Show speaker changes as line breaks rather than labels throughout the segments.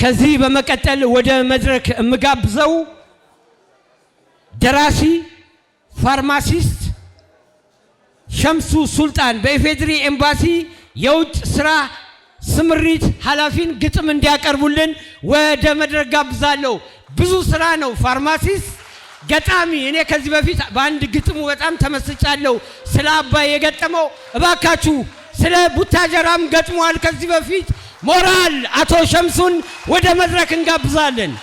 ከዚህ በመቀጠል ወደ መድረክ የምጋብዘው ደራሲ ፋርማሲስት ሸምሱ ሱልጣን በኢፌድሪ ኤምባሲ የውጭ ስራ ስምሪት ኃላፊን ግጥም እንዲያቀርቡልን ወደ መድረክ ጋብዛለሁ። ብዙ ስራ ነው። ፋርማሲስት፣ ገጣሚ። እኔ ከዚህ በፊት በአንድ ግጥሙ በጣም ተመስጫለሁ፣ ስለ አባይ የገጠመው። እባካችሁ ስለ ቡታጀራም ገጥሟል ከዚህ በፊት ሞራል አቶ ሸምሱን ወደ መድረክ እንጋብዛለን።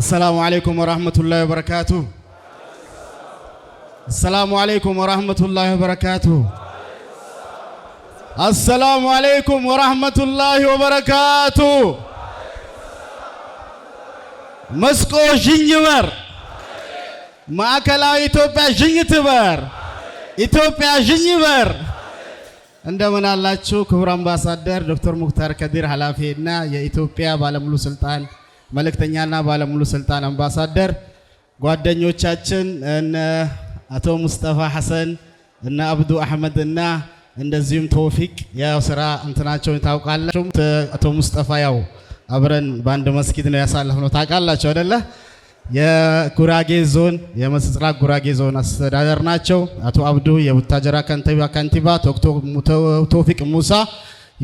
አሰላሙ አለይኩም ወራህመቱላሂ ወበረካቱ። አሰላሙ አለይኩም ወራህመቱላሂ ወበረካቱ። አሰላሙ አለይኩም ወራህመቱላሂ ወበረካቱ። መስቆ ዥኝ በር ማዕከላዊ ኢትዮጵያ ዥኝ ትበር ኢትዮጵያ ዥኝ በር። እንደምን አላችሁ ክቡር አምባሳደር ዶክተር ሙክታር ከዲር ኃላፊ እና የኢትዮጵያ ባለሙሉ ስልጣን መልእክተኛና ባለሙሉ ስልጣን አምባሳደር ጓደኞቻችን እነ አቶ ሙስጠፋ ሐሰን እነ አብዱ አህመድ እና እንደዚሁም ተውፊቅ ያው ስራ እንትናቸውን ታውቃላችሁ። አቶ ሙስጠፋ ያው አብረን በአንድ መስጊድ ነው ያሳለፍነው። ታውቃላችሁ አይደለ? የጉራጌ ዞን የምስራቅ ጉራጌ ዞን አስተዳደር ናቸው። አቶ አብዱ የቡታጀራ ከንቲባ ከንቲባ፣ ቶፊቅ ሙሳ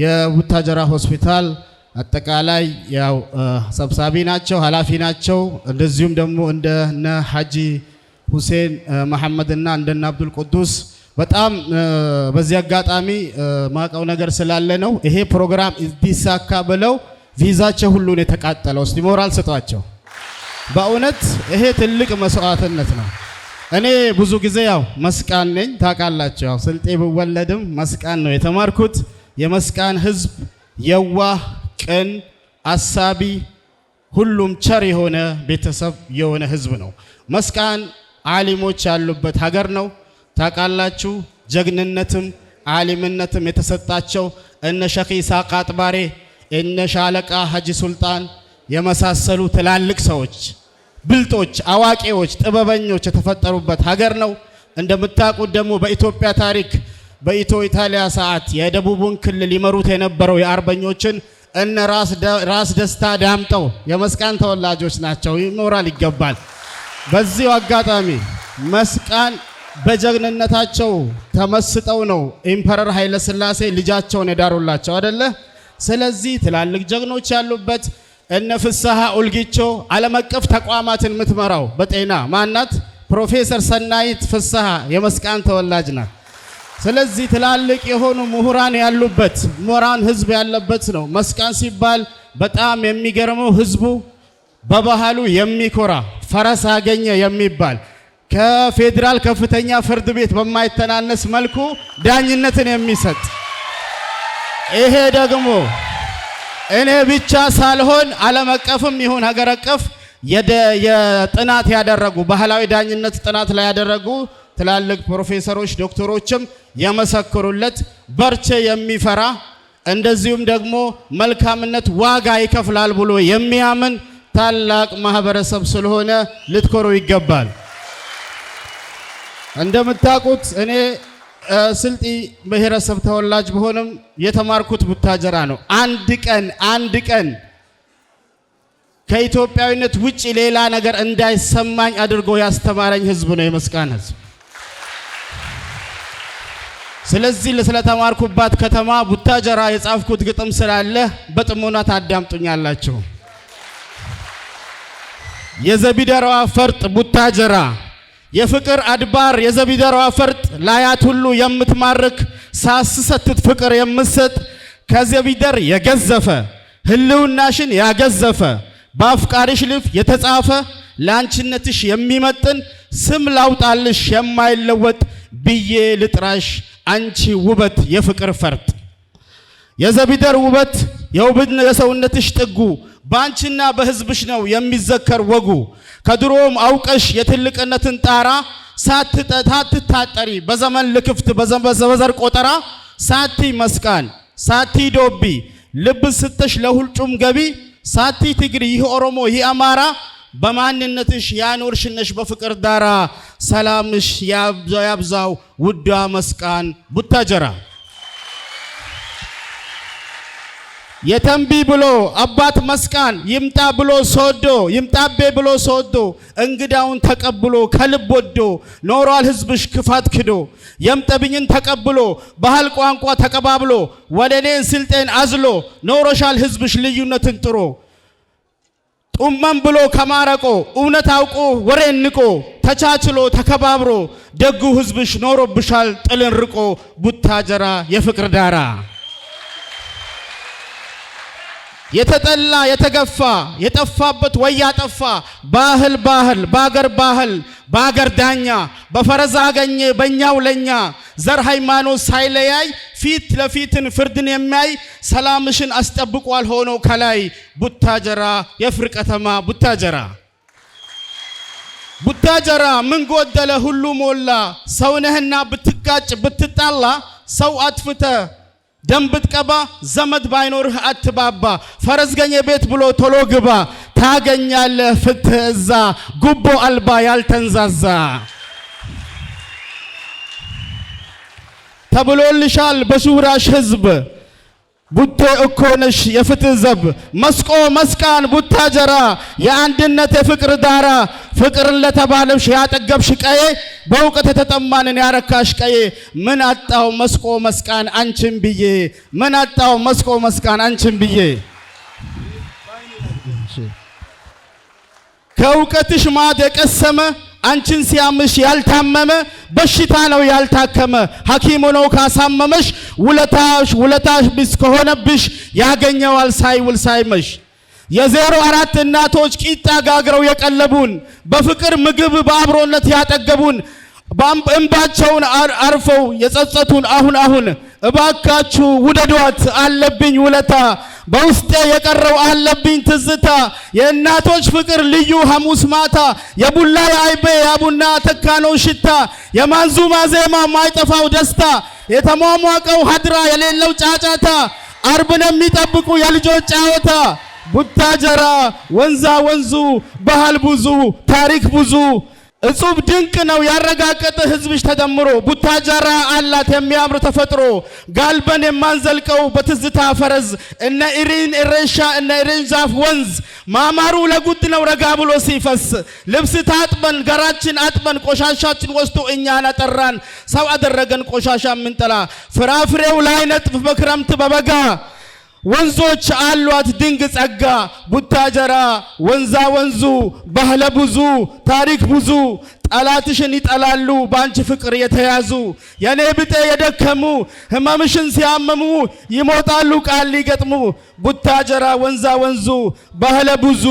የቡታጀራ ሆስፒታል አጠቃላይ ያው ሰብሳቢ ናቸው፣ ኃላፊ ናቸው። እንደዚሁም ደግሞ እንደነ ሐጂ ሁሴን መሐመድና እንደነ አብዱል ቅዱስ በጣም በዚህ አጋጣሚ ማቀው ነገር ስላለ ነው ይሄ ፕሮግራም እንዲሳካ ብለው ቪዛቸው ሁሉን የተቃጠለው። እስቲ ሞራል ስጧቸው። በእውነት ይሄ ትልቅ መስዋዕትነት ነው። እኔ ብዙ ጊዜ ያው መስቃን ነኝ ታውቃላችሁ። ያው ስልጤ ብወለድም መስቃን ነው የተማርኩት። የመስቃን ህዝብ የዋህ፣ ቅን፣ አሳቢ ሁሉም ቸር የሆነ ቤተሰብ የሆነ ህዝብ ነው። መስቃን አሊሞች ያሉበት ሀገር ነው ታውቃላችሁ። ጀግንነትም አሊምነትም የተሰጣቸው እነ ሸኺ ኢስሐቅ አጥባሬ እነ ሻለቃ ሀጂ ሱልጣን የመሳሰሉ ትላልቅ ሰዎች፣ ብልጦች፣ አዋቂዎች፣ ጥበበኞች የተፈጠሩበት ሀገር ነው። እንደምታውቁት ደግሞ በኢትዮጵያ ታሪክ በኢትዮ ኢጣሊያ ሰዓት የደቡቡን ክልል ይመሩት የነበረው የአርበኞችን እነ ራስ ደስታ ዳምጠው የመስቃን ተወላጆች ናቸው። ይኖራል ይገባል። በዚሁ አጋጣሚ መስቃን በጀግንነታቸው ተመስጠው ነው ኢምፐረር ኃይለ ሥላሴ ልጃቸውን የዳሩላቸው አደለ? ስለዚህ ትላልቅ ጀግኖች ያሉበት እነ ፍስሐ ኡልጊቾ ዓለም አቀፍ ተቋማትን የምትመራው በጤና ማናት? ፕሮፌሰር ሰናይት ፍስሐ የመስቃን ተወላጅ ናት። ስለዚህ ትላልቅ የሆኑ ምሁራን ያሉበት ምሁራን ህዝብ ያለበት ነው። መስቃን ሲባል በጣም የሚገርመው ህዝቡ በባህሉ የሚኮራ ፈረስ አገኘ የሚባል ከፌዴራል ከፍተኛ ፍርድ ቤት በማይተናነስ መልኩ ዳኝነትን የሚሰጥ ይሄ ደግሞ እኔ ብቻ ሳልሆን ዓለም አቀፍም ይሁን ሀገር አቀፍ የጥናት ያደረጉ ባህላዊ ዳኝነት ጥናት ላይ ያደረጉ ትላልቅ ፕሮፌሰሮች ዶክተሮችም የመሰክሩለት በርቼ የሚፈራ እንደዚሁም ደግሞ መልካምነት ዋጋ ይከፍላል ብሎ የሚያምን ታላቅ ማህበረሰብ ስለሆነ ልትኮሩ ይገባል። እንደምታውቁት እኔ ስልጢ ብሔረሰብ ተወላጅ በሆነም የተማርኩት ቡታጀራ ነው። አንድ ቀን አንድ ቀን ከኢትዮጵያዊነት ውጭ ሌላ ነገር እንዳይሰማኝ አድርጎ ያስተማረኝ ህዝብ ነው የመስቃን ህዝብ። ስለዚህ ስለተማርኩባት ከተማ ቡታጀራ የጻፍኩት ግጥም ስላለ በጥሞና ታዳምጡኛላችሁ። የዘቢደራዋ ፈርጥ ቡታጀራ የፍቅር አድባር የዘቢደሯ ፈርጥ ላያት ሁሉ የምትማርክ ሳስሰትት ፍቅር የምትሰጥ ከዘቢደር የገዘፈ ህልውናሽን ያገዘፈ በአፍቃሪሽ ልፍ የተጻፈ ለአንቺነትሽ የሚመጥን ስም ላውጣልሽ የማይለወጥ ብዬ ልጥራሽ አንቺ ውበት የፍቅር ፈርጥ የዘቢደር ውበት የውብን የሰውነትሽ ጥጉ ባንቺና በሕዝብሽ ነው የሚዘከር ወጉ። ከድሮም አውቀሽ የትልቅነትን ጣራ ሳትታጠሪ በዘመን ልክፍት በዘር ቆጠራ ሳቲ መስቃን ሳቲ ዶቢ ልብን ስተሽ ለሁልጩም ገቢ ሳቲ ትግሪ ይህ ኦሮሞ ይህ አማራ በማንነትሽ ያኖርሽነሽ በፍቅር ዳራ ሰላምሽ ያብዛው ውዷ መስቃን ቡታጀራ የተንቢ ብሎ አባት መስቃን ይምጣ ብሎ ሶዶ ይምጣቤ ብሎ ሶዶ እንግዳውን ተቀብሎ ከልብ ወዶ ኖሯል ህዝብሽ ክፋት ክዶ የምጠብኝን ተቀብሎ ባህል ቋንቋ ተቀባብሎ ወለኔን ስልጤን አዝሎ ኖሮሻል ህዝብሽ ልዩነትን ጥሮ ጡመን ብሎ ከማረቆ እውነት አውቆ ወሬን ንቆ ተቻችሎ ተከባብሮ ደጉ ህዝብሽ ኖሮብሻል ጥልን ርቆ ቡታጀራ የፍቅር ዳራ የተጠላ የተገፋ የጠፋበት ወይ ያጠፋ ባህል ባህል በአገር ባህል በአገር ዳኛ በፈረዛ አገኘ በእኛው ለኛ ዘር ሃይማኖት ሳይለያይ ፊት ለፊትን ፍርድን የሚያይ ሰላምሽን አስጠብቋል ሆኖ ከላይ ቡታጀራ የፍር ከተማ ቡታጀራ ቡታጀራ ምን ጎደለ ሁሉ ሞላ ሰውነህና ብትጋጭ ብትጣላ ሰው አትፍተ ደም ብትቀባ ዘመድ ባይኖርህ አትባባ፣ ፈረስገኘ ቤት ብሎ ቶሎ ግባ፣ ታገኛለህ ፍትህ እዛ ጉቦ አልባ ያልተንዛዛ ተብሎልሻል በሱራሽ ህዝብ ቡቴ እኮንሽ የፍትህ ዘብ መስቆ መስቃን ቡታጀራ የአንድነት የፍቅር ዳራ ፍቅርን ለተባለብሽ ያጠገብሽ ቀዬ በእውቀት የተጠማንን ያረካሽ ቀዬ ምን አጣው መስቆ መስቃን አንቺን ብዬ ምን አጣው መስቆ መስቃን አንቺን ብዬ ከእውቀትሽ ማዕድ የቀሰመ አንቺን ሲያምሽ ያልታመመ በሽታ ነው ያልታከመ ሐኪሙ ነው ካሳመመሽ። ውለታሽ ውለታሽ ቢስ ከሆነብሽ ያገኘዋል ሳይውል ሳይመሽ። የዜሮ አራት እናቶች ቂጣ ጋግረው የቀለቡን በፍቅር ምግብ በአብሮነት ያጠገቡን እንባቸውን አርፈው የጸጸቱን አሁን አሁን እባካችሁ ውደዷት። አለብኝ ውለታ በውስጤ የቀረው አለብኝ ትዝታ የእናቶች ፍቅር ልዩ ሐሙስ ማታ የቡላ አይቤ ያቡና ተካነው ሽታ የማንዙማ ዜማ ማይጠፋው ደስታ የተሟሟቀው ሀድራ የሌለው ጫጫታ አርብን የሚጠብቁ የልጆች ጫወታ ቡታጀራ ወንዛ ወንዙ ባህል ብዙ ታሪክ ብዙ እጹብ ድንቅ ነው ያረጋገጠ ህዝብሽ ተደምሮ ቡታጀራ አላት የሚያምር ተፈጥሮ ጋልበን የማንዘልቀው በትዝታ ፈረዝ እነ ኢሪን እሬሻ እነ ኢሪን ዛፍ ወንዝ ማማሩ ለጉድ ነው ረጋ ብሎ ሲፈስ ልብስ ታጥበን ገራችን አጥበን ቆሻሻችን ወስዶ እኛን አጠራን ሰው አደረገን ቆሻሻ ምንጠላ ፍራፍሬው ላይ ነጥፍ በክረምት በበጋ ወንዞች አሏት ድንቅ ጸጋ ቡታጀራ ወንዛ ወንዙ ባህለ ብዙ ታሪክ ብዙ ጠላትሽን ይጠላሉ በአንቺ ፍቅር የተያዙ የኔ ብጤ የደከሙ ህመምሽን ሲያመሙ ይሞጣሉ ቃል ሊገጥሙ ቡታጀራ ወንዛ ወንዙ ባህለ ብዙ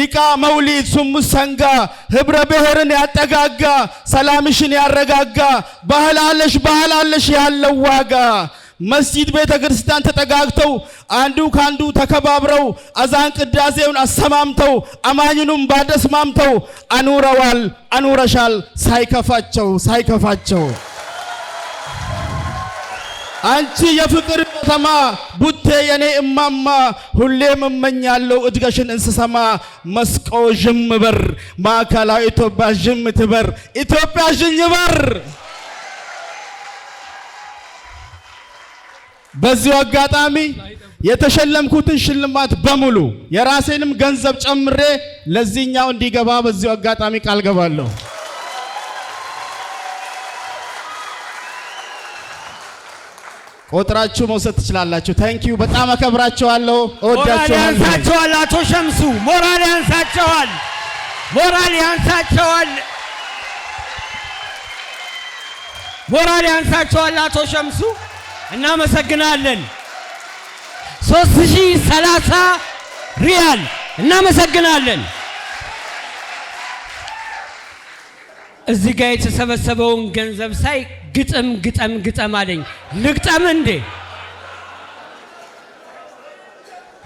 ሊቃ መውሊድ ሱሙስ ሰንጋ ህብረ ብሔርን ያጠጋጋ ሰላምሽን ያረጋጋ ባህል አለሽ ባህል አለሽ ያለው ዋጋ መስጂድ ቤተ ክርስቲያን ተጠጋግተው አንዱ ከአንዱ ተከባብረው አዛን ቅዳሴውን አሰማምተው አማኝኑም ባደስማምተው አኑረዋል፣ አኑረሻል ሳይከፋቸው ሳይከፋቸው አንቺ የፍቅር ከተማ ቡቴ የኔ እማማ ሁሌም እመኛለሁ እድገሽን እንስሰማ መስቆ ዥም በር ማዕከላዊ ኢትዮጵያ ዥም ትበር ኢትዮጵያ ዥኝ በር በዚሁ አጋጣሚ የተሸለምኩትን ሽልማት በሙሉ የራሴንም ገንዘብ ጨምሬ ለዚህኛው እንዲገባ በዚሁ አጋጣሚ ቃል ገባለሁ። ቆጥራችሁ መውሰድ ትችላላችሁ። ታንኪዩ። በጣም አከብራችኋለሁ፣ እወዳችኋለሁ።
ያንሳቸዋል። አቶ ሸምሱ ሞራል ያንሳቸዋል፣ ሞራል ያንሳቸዋል፣ ሞራል ያንሳቸዋል አቶ ሸምሱ እናመሰግናለን። ሶስት ሺህ ሰላሳ ሪያል እናመሰግናለን። እዚህ ጋር የተሰበሰበውን ገንዘብ ሳይ ግጥም ግጠም ግጠም አለኝ። ልግጠም እንዴ?